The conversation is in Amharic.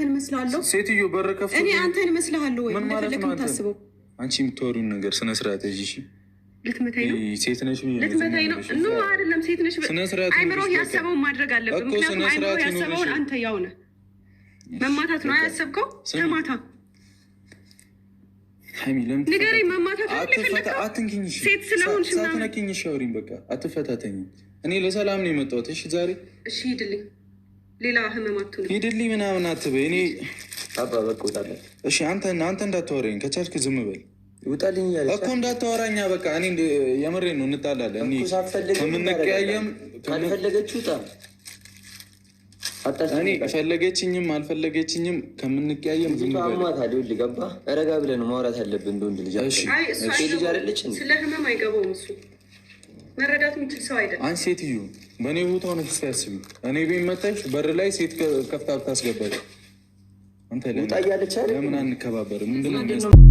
አንተን እመስልሃለሁ። ሴትዮ በር ከፍቶ እኔ አንተን ወይ እንደፈለክ አንቺ ነገር ስነ ስርዓት ይዤ ልትመታኝ ነው። ልትመታኝ ነው። ኖ አይደለም ሴት ነሽ። አይምሮ ያሰበውን ማድረግ አለብን። ምክንያቱም አይምሮ ያሰበውን አንተ ያው ነህ። መማታት ነው አያሰብከው? ተማታ ንገረኝ። መማታት ሴት ስለሆንሽ እኔ ለሰላም ነው የመጣሁት። እሺ ዛሬ እሺ ሂድልኝ ሌላ ህመም አትሆንም። ሂድልኝ ምናምን አትበይ። እኔ እሺ፣ አንተ አንተ እንዳታወራኝ ከቻልክ ዝም በል እኮ እንዳታወራኛ። በቃ እኔ የምሬ ነው፣ እንጣላለን ከምንቀያየም ውጣ። እኔ ፈለገችኝም አልፈለገችኝም ከምንቀያየም ገባ። ረጋ ብለን ማውራት አለብን። እንደ ወንድ ልጅ ልጅ አይደለች። ስለ ህመም አይገባውም እሱ መረዳት የምችል ሰው አይደለም። አንድ ሴትዮ በእኔ ቦታ ነው እስኪ እኔ ቤት መጣች በር ላይ ሴት ከፍታ ብታስገባች አንተ ለምን አንከባበርም? ምንድነው